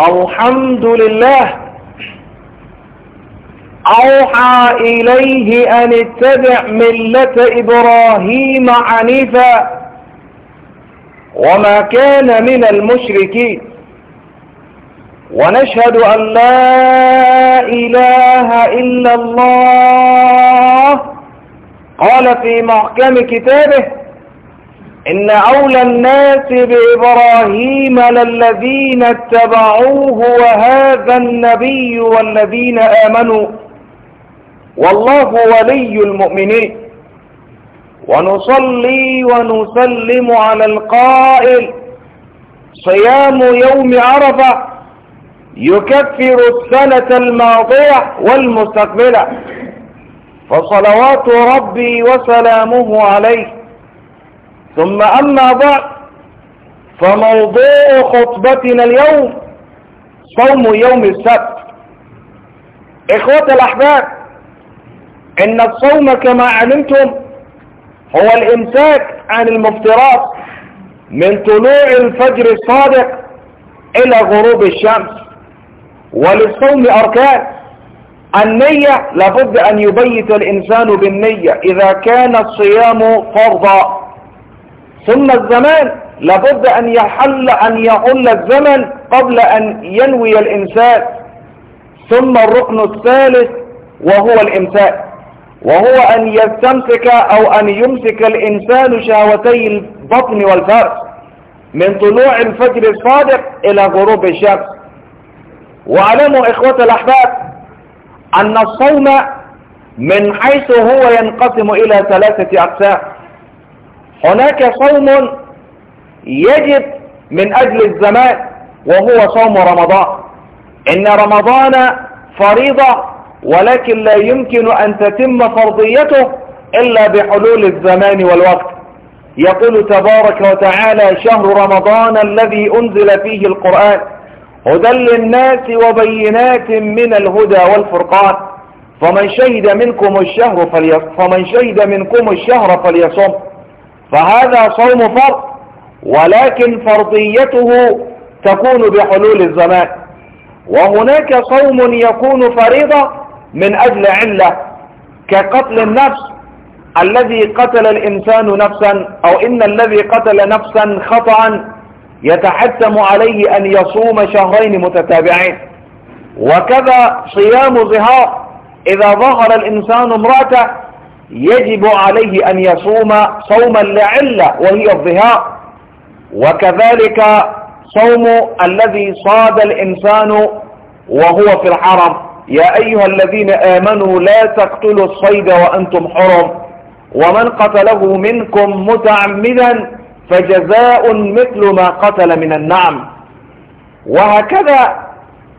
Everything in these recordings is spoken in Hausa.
الحمد لله أوحى إليه أن اتبع ملة إبراهيم عنيفا وما كان من المشركين ونشهد أن لا إله إلا الله قال في محكم كتابه إن أولى الناس بإبراهيم للذين اتبعوه وهذا النبي والذين آمنوا والله ولي المؤمنين ونصلي ونسلم على القائل صيام يوم عرفة يكفر السنة الماضية والمستقبلة فصلوات ربي وسلامه عليه ثم أما بعد فموضوع خطبتنا اليوم صوم يوم السبت إخوة الأحباب إن الصوم كما علمتم هو الإمساك عن المفترات من طلوع الفجر الصادق إلى غروب الشمس وللصوم أركان النية لابد أن يبيت الإنسان بالنية إذا كان الصيام فرضا ثم الزمان لابد أن يحل أن يحل الزمن قبل أن ينوي الإمساك ثم الركن الثالث وهو الإمساك وهو أن يستمسك أو أن يمسك الإنسان شهوتي البطن والفرس من طلوع الفجر الصادق إلى غروب الشمس واعلموا إخوة الأحباب أن الصوم من حيث هو ينقسم إلى ثلاثة أقسام هناك صوم يجب من أجل الزمان وهو صوم رمضان إن رمضان فريضة ولكن لا يمكن أن تتم فرضيته إلا بحلول الزمان والوقت يقول تبارك وتعالى شهر رمضان الذي أنزل فيه القرآن هدى للناس وبينات من الهدى والفرقان فمن شهد منكم الشهر فليصم فمن شهد منكم الشهر فليصم فهذا صوم فرض ولكن فرضيته تكون بحلول الزمان وهناك صوم يكون فريضة من أجل علة كقتل النفس الذي قتل الإنسان نفسا أو إن الذي قتل نفسا خطأ يتحتم عليه أن يصوم شهرين متتابعين وكذا صيام ظهار إذا ظهر الإنسان امرأته يجب عليه أن يصوم صوما لعلة وهي الظهار وكذلك صوم الذي صاد الإنسان وهو في الحرم يا أيها الذين آمنوا لا تقتلوا الصيد وأنتم حرم ومن قتله منكم متعمدا فجزاء مثل ما قتل من النعم وهكذا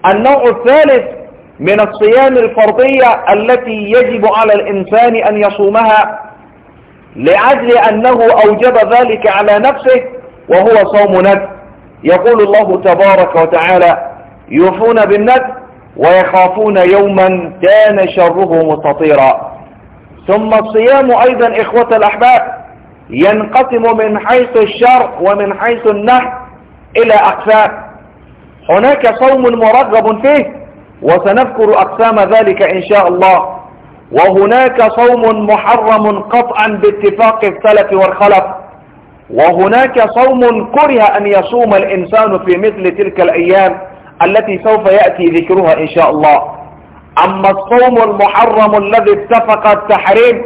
النوع الثالث من الصيام الفرضية التي يجب على الإنسان أن يصومها لعجل أنه أوجب ذلك على نفسه وهو صوم ند يقول الله تبارك وتعالى يوفون بالند ويخافون يوما كان شره مستطيرا ثم الصيام أيضا إخوة الأحباب ينقسم من حيث الشر ومن حيث النهي إلى أقسام هناك صوم مرغب فيه وسنذكر أقسام ذلك إن شاء الله وهناك صوم محرم قطعا باتفاق السلف والخلف وهناك صوم كره أن يصوم الإنسان في مثل تلك الأيام التي سوف يأتي ذكرها إن شاء الله أما الصوم المحرم الذي اتفق التحريم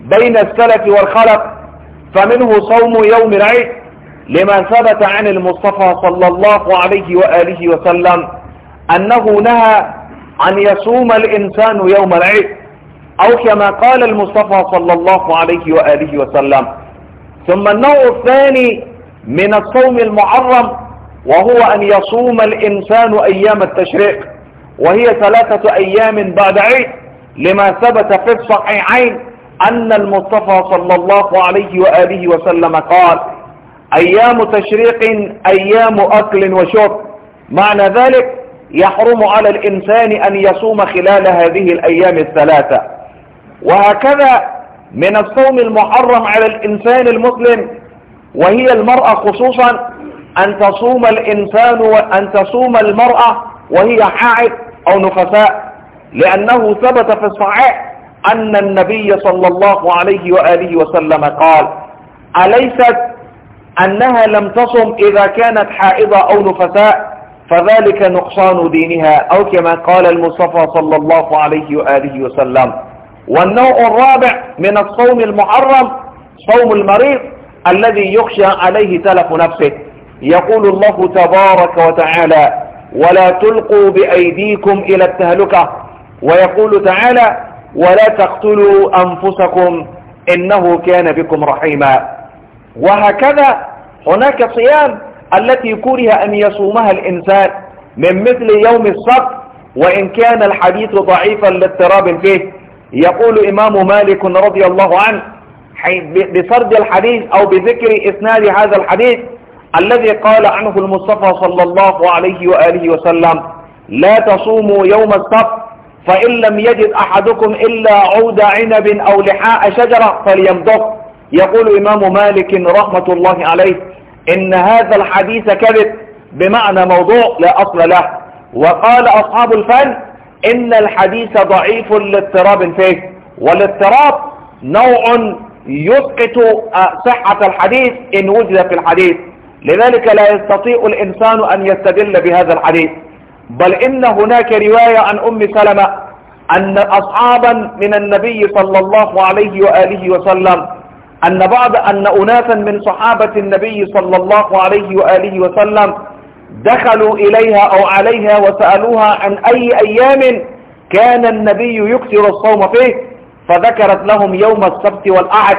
بين السلف والخلف فمنه صوم يوم العيد لما ثبت عن المصطفى صلى الله عليه وآله وسلم أنه نهى أن يصوم الإنسان يوم العيد أو كما قال المصطفى صلى الله عليه وآله وسلم ثم النوع الثاني من الصوم المحرم وهو أن يصوم الإنسان أيام التشريق وهي ثلاثة أيام بعد عيد لما ثبت في الصحيحين أن المصطفى صلى الله عليه وآله وسلم قال أيام تشريق أيام أكل وشرب معنى ذلك يحرم على الإنسان أن يصوم خلال هذه الأيام الثلاثة وهكذا من الصوم المحرم على الإنسان المسلم وهي المرأة خصوصا أن تصوم الإنسان وأن تصوم المرأة وهي حائض أو نفساء لأنه ثبت في الصحيح أن النبي صلى الله عليه وآله وسلم قال أليست أنها لم تصم إذا كانت حائضة أو نفساء فذلك نقصان دينها أو كما قال المصطفى صلى الله عليه وآله وسلم والنوع الرابع من الصوم المحرم صوم المريض الذي يخشى عليه تلف نفسه يقول الله تبارك وتعالى ولا تلقوا بأيديكم إلى التهلكة ويقول تعالى ولا تقتلوا أنفسكم إنه كان بكم رحيما وهكذا هناك صيام التي كره أن يصومها الإنسان من مثل يوم السبت وإن كان الحديث ضعيفا لاضطراب فيه يقول إمام مالك رضي الله عنه بسرد الحديث أو بذكر إسناد هذا الحديث الذي قال عنه المصطفى صلى الله عليه وآله وسلم لا تصوموا يوم السبت فإن لم يجد أحدكم إلا عود عنب أو لحاء شجرة فليمضغ يقول إمام مالك رحمة الله عليه إن هذا الحديث كذب بمعنى موضوع لا أصل له وقال أصحاب الفن إن الحديث ضعيف لاضطراب فيه والاضطراب نوع يسقط صحة الحديث إن وجد في الحديث لذلك لا يستطيع الإنسان أن يستدل بهذا الحديث بل إن هناك رواية عن أم سلمة أن أصحابا من النبي صلى الله عليه وآله وسلم أن بعض أن أناسا من صحابة النبي صلى الله عليه وآله وسلم دخلوا إليها أو عليها وسألوها عن أي أيام كان النبي يكثر الصوم فيه فذكرت لهم يوم السبت والأحد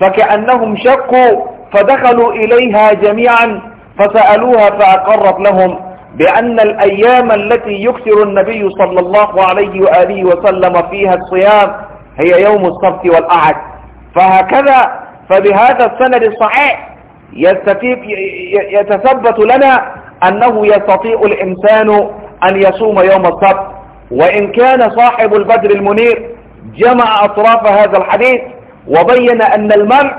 فكأنهم شقوا فدخلوا إليها جميعا فسألوها فأقرت لهم بأن الأيام التي يكثر النبي صلى الله عليه وآله وسلم فيها الصيام هي يوم السبت والأحد فهكذا فبهذا السند الصحيح يتثبت لنا أنه يستطيع الإنسان أن يصوم يوم السبت وإن كان صاحب البدر المنير جمع أطراف هذا الحديث وبين أن المرء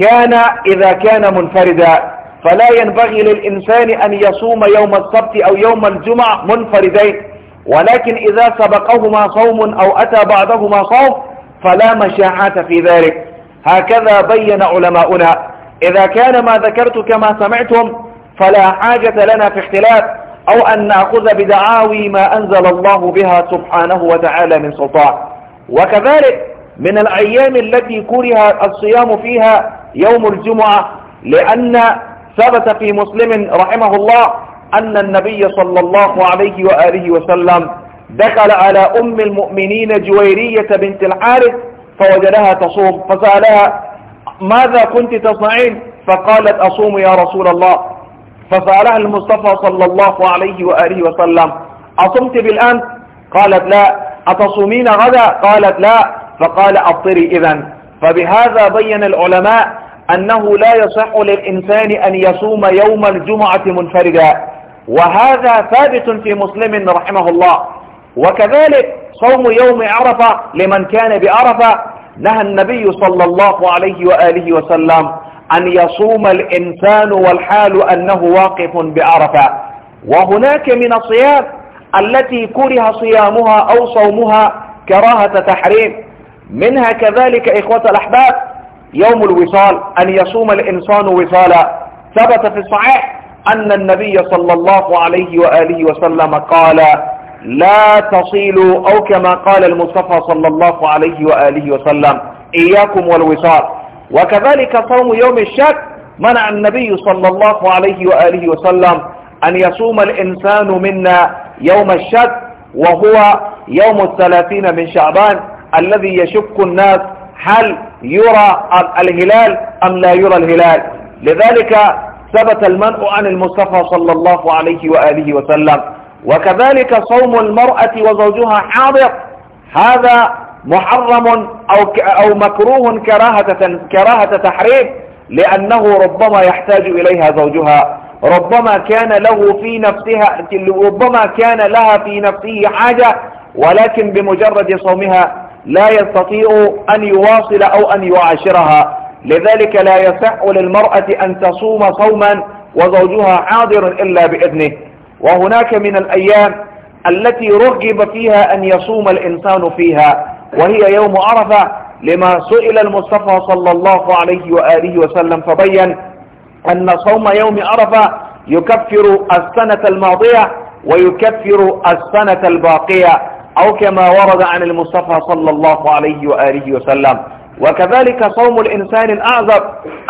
كان إذا كان منفردا فلا ينبغي للإنسان أن يصوم يوم السبت أو يوم الجمعة منفردين ولكن إذا سبقهما صوم أو أتى بعدهما صوم فلا مشاعة في ذلك هكذا بين علماؤنا إذا كان ما ذكرت كما سمعتم فلا حاجة لنا في اختلاف أو أن نأخذ بدعاوي ما أنزل الله بها سبحانه وتعالى من سلطان وكذلك من الأيام التي كره الصيام فيها يوم الجمعة لأن ثبت في مسلم رحمه الله أن النبي صلى الله عليه وآله وسلم دخل على أم المؤمنين جويرية بنت الحارث فوجدها تصوم فسألها ماذا كنت تصنعين فقالت أصوم يا رسول الله فسألها المصطفى صلى الله عليه وآله وسلم أصمت بالأمس قالت لا أتصومين غدا قالت لا فقال أفطري إذا فبهذا بين العلماء أنه لا يصح للإنسان أن يصوم يوم الجمعة منفردا وهذا ثابت في مسلم رحمه الله وكذلك صوم يوم عرفة لمن كان بعرفة نهى النبي صلى الله عليه وآله وسلم أن يصوم الإنسان والحال أنه واقف بعرفة وهناك من الصيام التي كره صيامها أو صومها كراهة تحريم منها كذلك إخوة الأحباب يوم الوصال أن يصوم الإنسان وصالا ثبت في الصحيح أن النبي صلى الله عليه وآله وسلم قال لا تصلوا أو كما قال المصطفى صلى الله عليه وآله وسلم إياكم والوصال وكذلك صوم يوم الشك منع النبي صلى الله عليه وآله وسلم أن يصوم الإنسان منا يوم الشك وهو يوم الثلاثين من شعبان الذي يشك الناس هل يرى الهلال أم لا يرى الهلال لذلك ثبت المنع عن المصطفى صلى الله عليه وآله وسلم وكذلك صوم المرأة وزوجها حاضر هذا محرم أو, أو مكروه كراهة, كراهة تحريم لأنه ربما يحتاج إليها زوجها ربما كان له في نفسها ربما كان لها في نفسه حاجة ولكن بمجرد صومها لا يستطيع أن يواصل أو أن يعاشرها لذلك لا يصح للمرأة أن تصوم صوما وزوجها حاضر إلا بإذنه وهناك من الأيام التي رغب فيها أن يصوم الإنسان فيها وهي يوم عرفة لما سئل المصطفى صلى الله عليه وآله وسلم فبين أن صوم يوم عرفة يكفر السنة الماضية ويكفر السنة الباقية أو كما ورد عن المصطفى صلى الله عليه وآله وسلم وكذلك صوم الإنسان الأعذب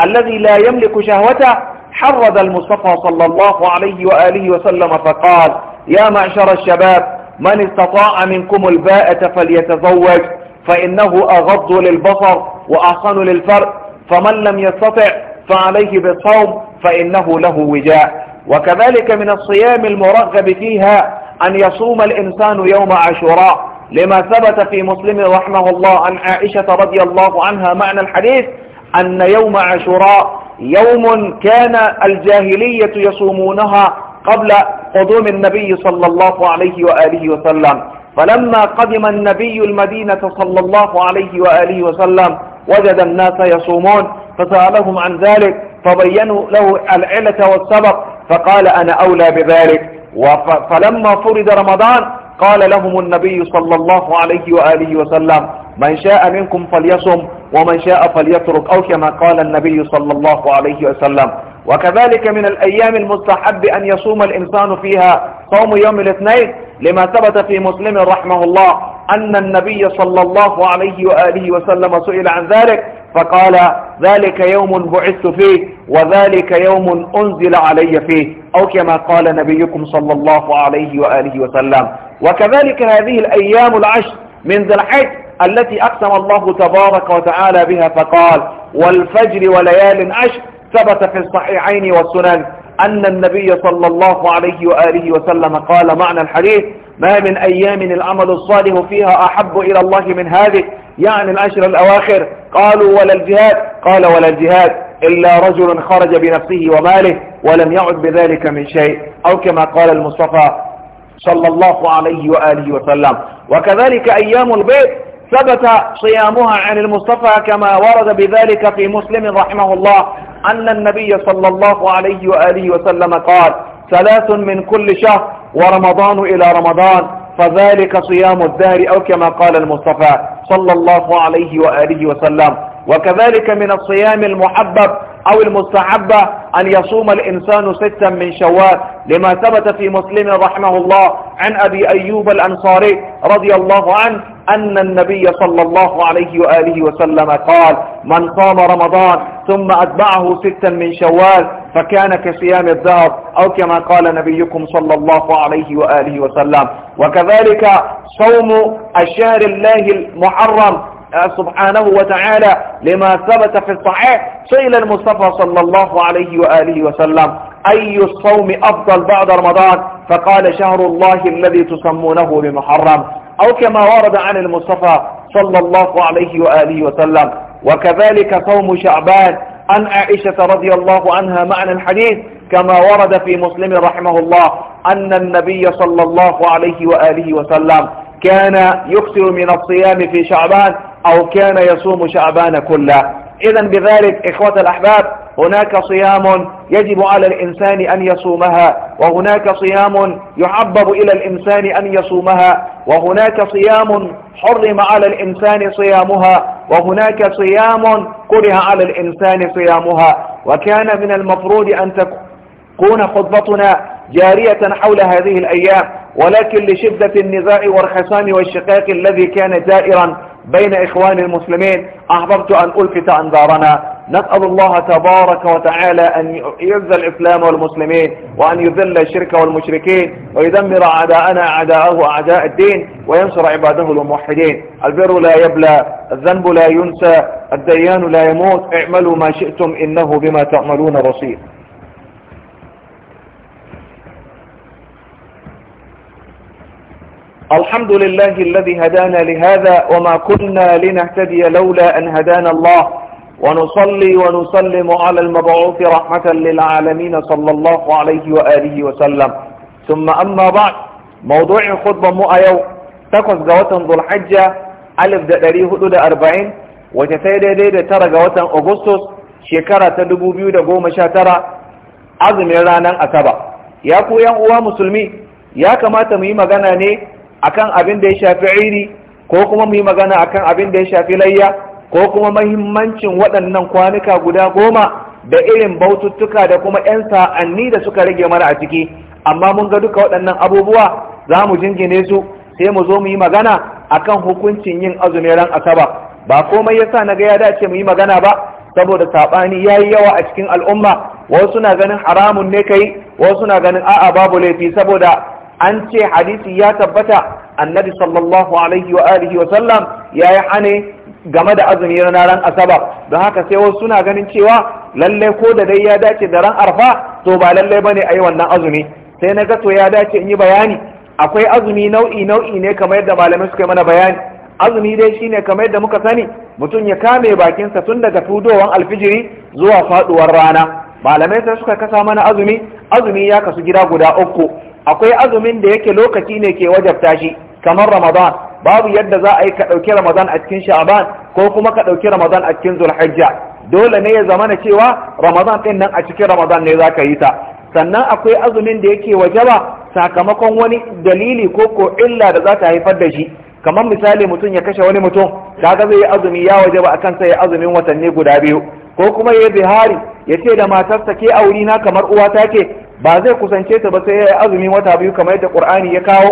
الذي لا يملك شهوته حرد المصطفى صلى الله عليه وآله وسلم فقال يا معشر الشباب من استطاع منكم الباءة فليتزوج فإنه أغض للبصر وأحسن للفرد فمن لم يستطع فعليه بالصوم فإنه له وجاء وكذلك من الصيام المرغب فيها أن يصوم الإنسان يوم عاشوراء لما ثبت في مسلم رحمه الله عن عائشة رضي الله عنها معنى الحديث أن يوم عاشوراء يوم كان الجاهلية يصومونها قبل قدوم النبي صلى الله عليه وآله وسلم فلما قدم النبي المدينة صلى الله عليه وآله وسلم وجد الناس يصومون فسألهم عن ذلك فبينوا له العلة والسبب فقال أنا أولى بذلك فلما فرد رمضان قال لهم النبي صلى الله عليه وآله وسلم من شاء منكم فليصم ومن شاء فليترك أو كما قال النبي صلى الله عليه وسلم وكذلك من الأيام المستحب أن يصوم الإنسان فيها صوم يوم الاثنين لما ثبت في مسلم رحمه الله أن النبي صلى الله عليه وآله وسلم سئل عن ذلك فقال ذلك يوم بعثت فيه وذلك يوم أنزل علي فيه أو كما قال نبيكم صلى الله عليه وآله وسلم وكذلك هذه الأيام العشر من ذي الحج التي أقسم الله تبارك وتعالى بها فقال والفجر وليال عشر ثبت في الصحيحين والسنن أن النبي صلى الله عليه وآله وسلم قال معنى الحديث ما من أيام العمل الصالح فيها أحب إلى الله من هذه يعني العشر الأواخر قالوا ولا الجهاد قال ولا الجهاد إلا رجل خرج بنفسه وماله ولم يعد بذلك من شيء أو كما قال المصطفى صلى الله عليه وآله وسلم وكذلك أيام البيت ثبت صيامها عن المصطفى كما ورد بذلك في مسلم رحمه الله أن النبي صلى الله عليه وآله وسلم قال ثلاث من كل شهر ورمضان إلى رمضان فذلك صيام الدهر أو كما قال المصطفى صلى الله عليه وآله وسلم وكذلك من الصيام المحبب أو المستحبة أن يصوم الإنسان ستا من شوال لما ثبت في مسلم رحمه الله عن أبي أيوب الأنصاري رضي الله عنه أن النبي صلى الله عليه وآله وسلم قال من صام رمضان ثم أتبعه ستا من شوال فكان كصيام الذهب أو كما قال نبيكم صلى الله عليه وآله وسلم وكذلك صوم الشهر الله المحرم آه، سبحانه وتعالى لما ثبت في الصحيح سئل المصطفى صلى الله عليه وآله وسلم أي الصوم أفضل بعد رمضان فقال شهر الله الذي تسمونه بمحرم أو كما ورد عن المصطفى صلى الله عليه وآله وسلم وكذلك صوم شعبان عن عائشة رضي الله عنها معنى الحديث كما ورد في مسلم رحمه الله أن النبي صلى الله عليه وآله وسلم كان يكثر من الصيام في شعبان أو كان يصوم شعبان كله إذا بذلك إخوة الأحباب هناك صيام يجب على الإنسان أن يصومها وهناك صيام يحبب إلى الإنسان أن يصومها وهناك صيام حرم على الإنسان صيامها وهناك صيام كره على الإنسان صيامها وكان من المفروض أن تكون خطبتنا جارية حول هذه الأيام ولكن لشدة النزاع والخصام والشقاق الذي كان دائرا بين إخوان المسلمين أحببت أن ألفت أنظارنا نسأل الله تبارك وتعالى أن يذل الإسلام والمسلمين وأن يذل الشرك والمشركين ويدمر أعداءنا أعداءه أعداء الدين وينصر عباده الموحدين البر لا يبلى الذنب لا ينسى الديان لا يموت اعملوا ما شئتم إنه بما تعملون بصير الحمد لله الذي هدانا لهذا وما كنا لنهتدي لولا أن هدانا الله ونصلي ونسلم على المبعوث رحمة للعالمين صلى الله عليه وآله وسلم ثم أما بعد موضوع خطبة مؤيو تقص قوة ذو الحجة ألف دقري هدود أربعين وتسيدة ديدة ترى قوة أغسطس شكرة تدبو بيودة قوم شاترة عظم يرانا أتبع يا أخو يا أخوة مسلمي يا كما تميم غناني akan abin da ya shafi iri ko kuma mu yi magana akan abin da ya shafi layya ko kuma mahimmancin waɗannan kwanuka guda goma da irin baututtuka da kuma 'yan sa'anni da suka rage mana a ciki amma mun ga duka waɗannan abubuwa za mu jingine su sai mu zo mu yi magana akan hukuncin yin azumin ran asaba ba komai yasa na ga ya dace mu yi magana ba saboda saɓani ya yi yawa a cikin al'umma wasu na ganin haramun ne kai wasu na ganin a'a babu laifi saboda an ce hadisi ya tabbata annabi sallallahu alaihi wa alihi wa sallam ya yi hane game da azumi na ran asaba don haka sai wasu suna ganin cewa lallai ko da dai ya dace da ran arfa to ba lallai bane a yi wannan azumi sai na ga to ya dace in yi bayani akwai azumi nau'i nau'i ne kamar yadda malamai suka yi mana bayani azumi dai shine kamar yadda muka sani mutum ya kame bakinsa tun daga tudowar alfijiri zuwa faduwar rana malamai sai suka kasa mana azumi azumi ya kasu gida guda uku akwai azumin da yake lokaci ne ke wajabta shi kamar ramadan babu yadda za a yi ka ɗauki ramadan a cikin sha'aban ko kuma ka ɗauki ramadan a cikin zulhajja dole ne ya zama na cewa ramadan ɗin nan a cikin ramadan ne za ka yi ta sannan akwai azumin da yake wajaba sakamakon wani dalili ko ko illa da za ta haifar da shi kamar misali mutum ya kashe wani mutum kaga zai yi azumi ya wajaba akan sai azumin watanni guda biyu ko kuma ya bihari ya ce da matarsa ke na kamar uwata ke ba zai kusance ta ba sai ya yi azumi wata biyu kamar yadda qur'ani ya kawo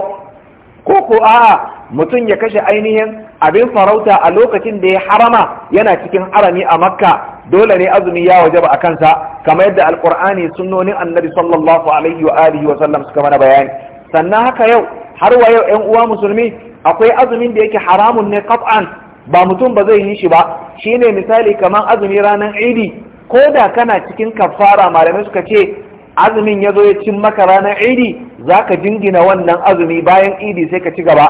ko ko a'a mutum ya kashe ainihin abin farauta a lokacin da ya harama yana cikin harami a makka dole ne azumi ya ba a kansa kamar yadda alqur'ani sunnonin annabi sallallahu alaihi wa alihi wa sallam suka mana bayani sannan haka yau har wa yau ƴan uwa musulmi akwai azumin da yake haramun ne kaf'an ba mutum ba zai yi shi ba shine misali kamar azumi ranar idi ko da kana cikin kafara malamai suka ce azumin ya zo ya cin maka ranar idi za ka jingina wannan azumi bayan idi sai ka ci gaba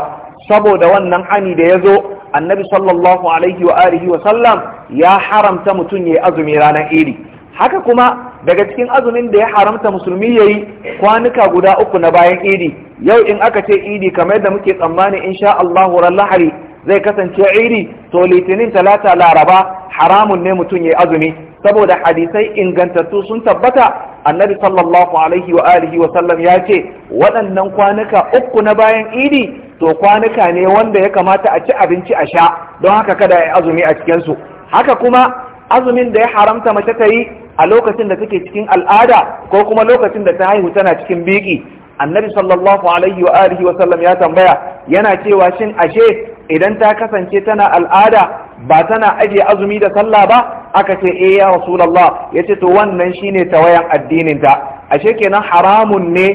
saboda wannan hani da ya zo annabi sallallahu alaihi wa alihi wa sallam ya haramta mutum ya yi azumi ranar idi haka kuma daga cikin azumin da ya haramta musulmi ya yi kwanuka guda uku na bayan idi yau in aka ce idi kamar da muke tsammani insha Allah ran lahari zai kasance idi to litinin talata laraba haramun ne mutum ya yi azumi saboda hadisai ingantattu sun tabbata annabi sallallahu alaihi wa alihi wa sallam ya ce waɗannan kwanuka uku na bayan idi to kwanuka ne wanda ya kamata a ci abinci a sha don haka kada ya azumi a cikinsu haka kuma azumin da ya haramta mace ta yi a lokacin da take cikin al'ada ko kuma lokacin da ta haihu tana cikin biki annabi sallallahu alaihi wa alihi wa sallam ya tambaya yana cewa shin ashe idan ta kasance tana al'ada ba tana ajiye azumi da sallah ba aka ce eh ya rasulullah yace to wannan shine tawayan addinin ta ashe kenan haramun ne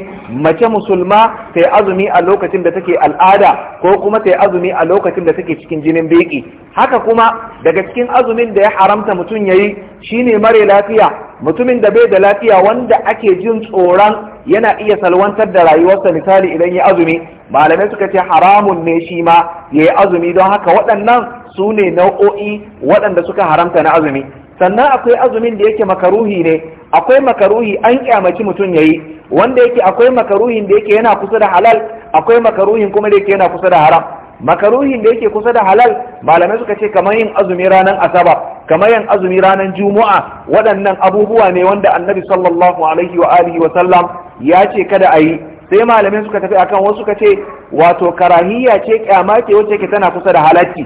mace musulma ta azumi a lokacin da take al'ada ko kuma ta azumi a lokacin da take cikin jinin beki haka kuma daga cikin azumin da ya haramta mutum yayi shine mare lafiya mutumin da bai da lafiya wanda ake jin tsoron yana iya salwantar da rayuwarsa misali idan ya azumi malamai suka ce haramun ne shi ma yayi azumi don haka waɗannan su ne nau'o'i waɗanda suka haramta na azumi sannan akwai azumin da yake makaruhi ne akwai makaruhi an kyamaci mutum ya yi wanda yake akwai makaruhin da yake yana kusa da halal akwai makaruhin kuma da yake yana kusa da haram makaruhin da yake kusa da halal malamai suka ce kamar yin azumi ranar asaba kamar yin azumi ranar juma'a waɗannan abubuwa ne wanda annabi sallallahu alaihi wa alihi wa sallam ya ce kada a yi sai malamai suka tafi akan wasu suka ce wato karahiyya ce kyama ce wacce ke tana kusa da halacci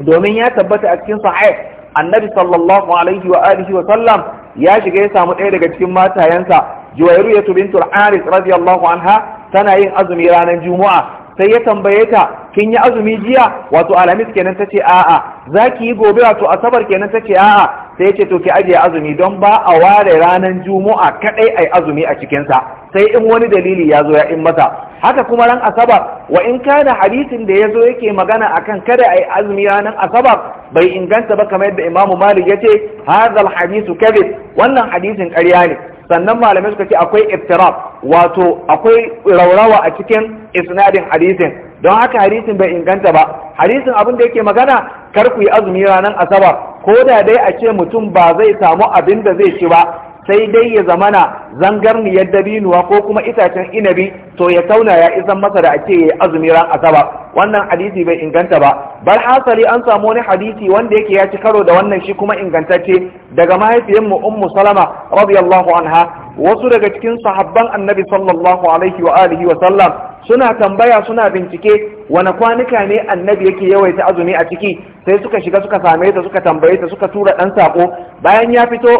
domin ya tabbata a cikin sahih annabi sallallahu alaihi wa alihi wa sallam ya shiga ya samu ɗaya daga cikin matayensa juwairu ya bintul aris radiyallahu anha tana yin azumi ranar juma'a sai ya tambaye ta kin yi azumi jiya wato Alhamis kenan tace a'a zaki yi gobe wato asabar kenan tace a'a sai ce to ki ajiye azumi don ba a ware ranar juma'a kadai ai azumi a cikinsa sai in wani dalili ya zo ya in masa haka kuma ran asabar wa in kana hadisin da ya zo yake magana akan kada ai azumi ranar asabar bai inganta ba kamar yadda imamu malik ya ce hadal hadisu kabir wannan hadisin ƙarya ne sannan malamai suka ce akwai iftirab wato akwai raurawa a cikin isnadin hadisin don haka hadisin bai inganta ba hadisin abin da yake magana kar ku yi azumi ranar asabar ko da dai a ce mutum ba zai samu abin da zai ci ba sai dai ya zamana zangarniyar dabinuwa ko kuma itacen inabi to ya tauna ya isan masa da ake yi azumi ran asaba wannan hadisi bai inganta ba bar hasali an samu wani hadisi wanda yake ya ci karo da wannan shi kuma ingantacce daga mu ummu salama radiyallahu anha wasu daga cikin sahabban annabi sallallahu alaihi wa alihi wa sallam suna tambaya suna bincike wani kwanuka ne annabi yake yawaita azumi a ciki sai suka shiga suka same ta suka tambaye ta suka tura dan sako bayan ya fito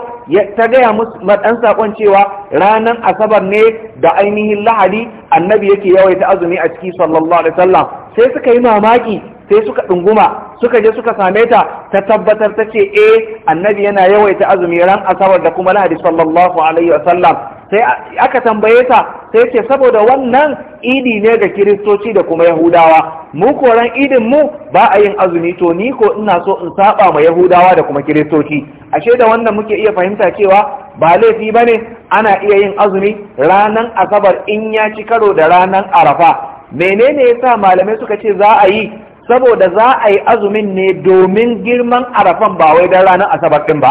ta gaya musu dan sakon cewa ranan asabar ne da ainihin lahadi annabi yake yawaita azumi a ciki sallallahu alaihi sallam. sai suka yi mamaki sai suka dunguma suka je suka same ta ta tabbatar ta ce eh annabi yana yawaita azumi ran asabar da kuma lahadi sallallahu alaihi wa sallam. sai aka tambaye ta sai ce saboda wannan idi ne ga kiristoci da kuma yahudawa mu koran idin mu ba a yin azumi to ni ko ina so in saba ma yahudawa da kuma kiristoci ashe da wannan muke iya fahimta cewa ba laifi bane ana iya yin azumi ranan asabar in ya ci karo da ranan arafa menene yasa malamai suka ce za a yi saboda za a yi azumin ne domin girman arafan ba wai don ranar asabar ɗin ba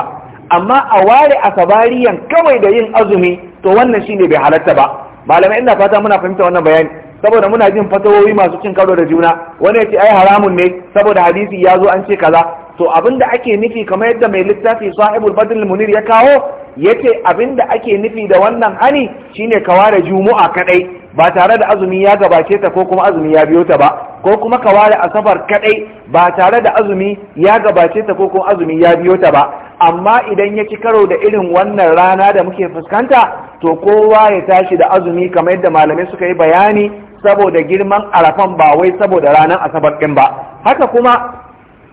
amma a ware asabariyan kawai da yin azumi to wannan shine bai halatta ba malamai ina fata muna fahimta wannan bayani saboda muna jin fatawoyi masu cin karo da juna wani ya ce ai haramun ne saboda hadisi ya zo an ce kaza to abinda ake nufi kamar yadda mai littafi sahibul badr munir ya kawo yace abinda ake nufi da wannan hani shine ka ware jumu'a kadai ba tare da azumi ya gabace ta ko kuma azumi ya biyo ta ba ko kuma ka ware asabar kadai ba tare da azumi ya gabace ta ko kuma azumi ya biyo ta ba amma idan ya ci karo da irin wannan rana da muke fuskanta to kowa ya tashi da azumi kamar yadda malamai suka yi bayani saboda girman arafan ba wai saboda ranar asabar din ba haka kuma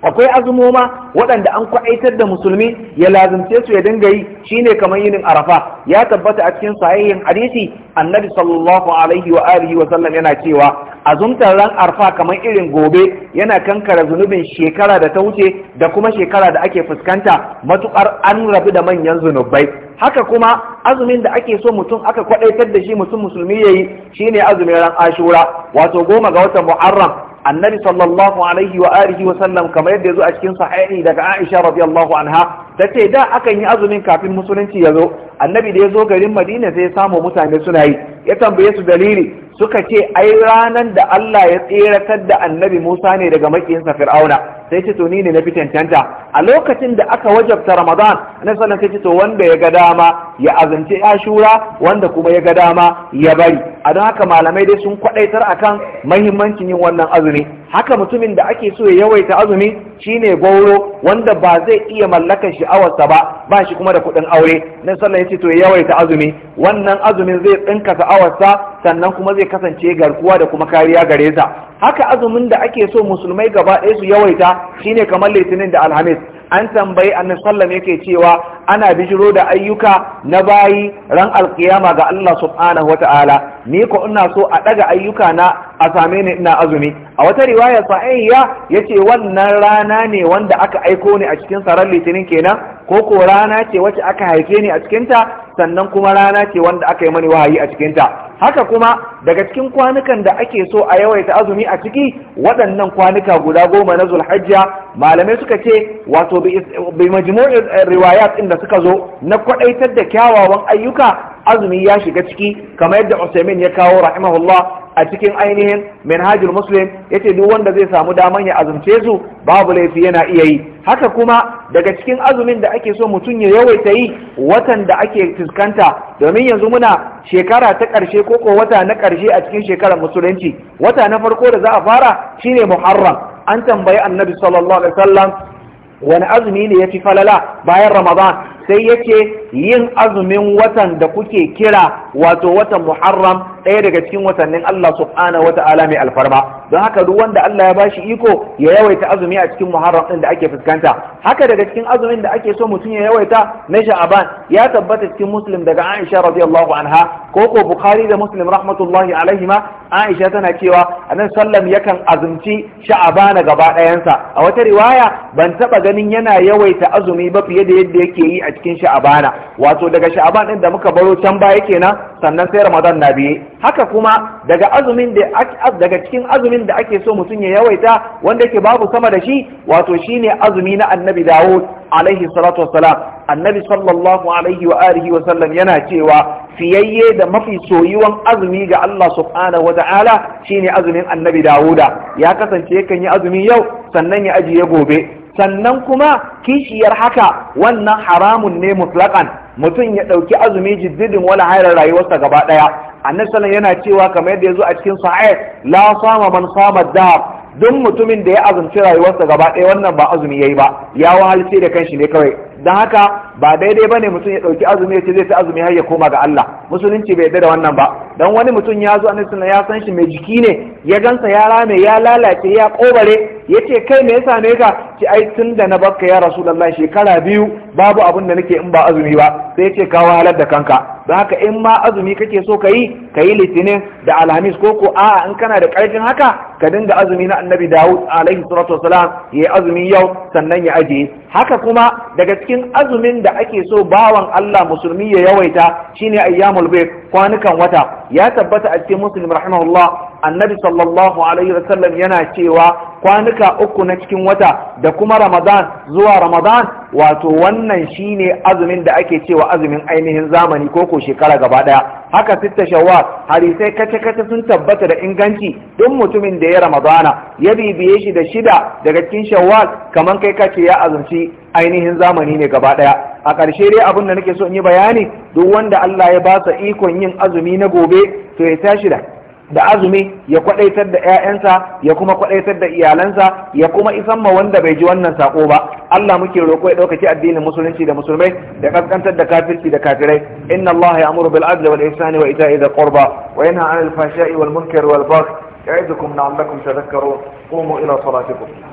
akwai azumoma waɗanda an kwaɗaitar da musulmi ya lazimce su ya dinga yi shine kamar yinin arafa ya tabbata a cikin sahihin hadisi annabi sallallahu alaihi wa alihi wa sallam yana cewa azumtar ran arfa kamar irin gobe yana kankara zunubin shekara da ta wuce da kuma shekara da ake fuskanta matukar an rabu da manyan zunubai haka kuma azumin da ake so mutum aka kwaɗaitar da shi mutum musulmi ya yayi shine azumin ran ashura wato goma ga watan muharram annabi sallallahu alaihi wa alihi wa sallam kamar yadda yazo a cikin sahihi daga Aisha radiyallahu anha tace da akan yi azumin kafin musulunci yazo annabi da yazo garin Madina sai ya samu mutane suna yi ya tambaye su dalili suka ce ai ranan da Allah ya tseratar da annabi Musa ne daga makiyinsa Fir'auna sai ce to ni ne na fitantanta a lokacin da aka wajabta Ramadan annabi sallallahu alaihi sai ce to wanda ya ga dama ya azance ya shura wanda kuma ya ga dama ya bari a don haka malamai dai sun kwadaitar akan mahimmancin yin wannan azumi haka mutumin da ake so ya yawaita azumi shine gauro wanda ba zai iya mallakar sha'awarsa ba ba shi kuma da kuɗin aure nan sallah ce to ya yawaita azumi wannan azumin zai tsinka sha'awarsa sannan kuma zai kasance garkuwa da kuma kariya gare sa haka azumin da ake so musulmai gaba ɗaya su yawaita shine kamar litinin da alhamis an tambayi annabi sallam yake cewa ana bijiro da ayyuka na bayi ran alkiyama ga Allah subhanahu ta'ala ni ko ina so a daga ayyuka na a same ni ina azumi a wata riwaya sa'ayya yace wannan rana ne wanda aka aiko ni a cikin sarar litinin kenan ko ko rana ce wacce aka haife ni a cikin ta sannan kuma rana ce wanda aka yi mani wahayi a cikinta haka kuma daga cikin kwanukan da ake so a yawaita azumi a ciki waɗannan kwanuka guda goma na zulhajja malamai suka ce wato bi majmu'in eh, riwayat inda suka zo na kwadaitar da kyawawan ayyuka azumi ya shiga ciki kamar yadda Usaimin ya kawo rahimahullah a cikin ainihin manhajul muslim yace duk wanda zai samu daman ya azumce su babu laifi yana iya yi haka kuma daga cikin azumin da ake so mutum ya yawaita yi watan da ake fuskanta domin yanzu muna shekara ta ƙarshe ko ko wata na ƙarshe a cikin shekarar musulunci wata na farko da za a fara shine muharram an tambayi annabi sallallahu alaihi wasallam wani azumi ne ya fi falala bayan ramadan sai yake yin azumin watan da kuke kira wato watan Muharram ɗaya daga cikin watannin Allah subhanahu wata'ala mai alfarma don haka duk wanda Allah ya bashi iko ya yawaita azumi a cikin Muharram ɗin da ake fuskanta haka daga cikin azumin da ake so mutum ya yawaita na Sha'aban ya tabbata cikin Muslim daga Aisha radiyallahu anha ko ko Bukhari da Muslim rahmatullahi alaihima Aisha tana cewa anan sallam yakan azumci sha'abana gaba ɗayansa a wata riwaya ban taɓa ganin yana yawaita azumi ba fiye da yadda yake yi a cikin sha'abana wato daga sha'aban ɗin da muka baro can baya kenan sannan sai ramadan na biye haka kuma daga azumin da daga cikin azumin da ake so mutum ya yawaita wanda yake babu sama da shi wato shine azumi na annabi Dawud alaihi salatu wassalam annabi sallallahu alaihi wa alihi wa sallam yana cewa fiyayye da mafi soyuwan azumi ga Allah subhanahu wata'ala shine azumin annabi Dawuda ya kasance yakan yi azumi yau sannan ya ajiye gobe sannan kuma kishiyar haka wannan haramun ne mutlaƙan mutum ya ɗauki azumi jiddidin wala hayar rayuwarsa gaba ɗaya annabi yana cewa kamar yadda ya zo a cikin sahih la sama man sama da duk mutumin da ya azumci rayuwarsa gaba ɗaya wannan ba azumi yi ba ya wahalce da kanshi ne kawai don haka ba daidai ba ne mutum ya ɗauki azumi ya ce zai ta azumi har ya koma ga Allah musulunci bai da wannan ba don wani mutum ya zo annabi ya san shi mai jiki ne ya gansa ya rame ya lalace ya kobare ya ce kai me ya same ka ce ai tun da na bakka ya rasulullah shekara biyu babu abin da nake in ba azumi ba sai ya ce ka halar da kanka don haka in ma azumi kake so ka yi ka yi litinin da alhamis ko ko a'a in kana da karfin haka ka dinga azumi na annabi dawud alaihi salatu wasalam ya yi azumi yau sannan ya ajiye haka kuma daga cikin azumin da ake so bawan Allah musulmi ya yawaita shine ayyamul bayt kwanukan wata ya tabbata a cikin muslim rahimahullah annabi sallallahu alaihi wasallam yana cewa kwanuka uku na cikin wata da kuma ramadan zuwa ramadan wato wannan shine azumin da ake cewa azumin ainihin zamani ko ko shekara gaba daya haka sitta shawwal Harisai kace kace sun tabbata da inganci duk mutumin da ya ramadana ya bibiye shi da shida daga cikin shawwal kaman kai kace ya azumci ainihin zamani ne gaba daya a ƙarshe dai abin da nake so in yi bayani duk wanda Allah ya ba sa ikon yin azumi na gobe to ya tashi da da azumi ya kwadaitar da ƴaƴansa ya kuma kwadaitar da iyalansa ya kuma isan ma wanda bai ji wannan sako ba Allah muke roƙo ya ɗaukaki addinin musulunci da musulmai da kaskantar da kafirci da kafirai inna Allah ya'muru bil adli wal ihsani wa ita'i dhil qurba wa yanha 'anil fahsha'i wal munkari wal baghi ya'idukum la'allakum tadhakkarun qumu ila salatikum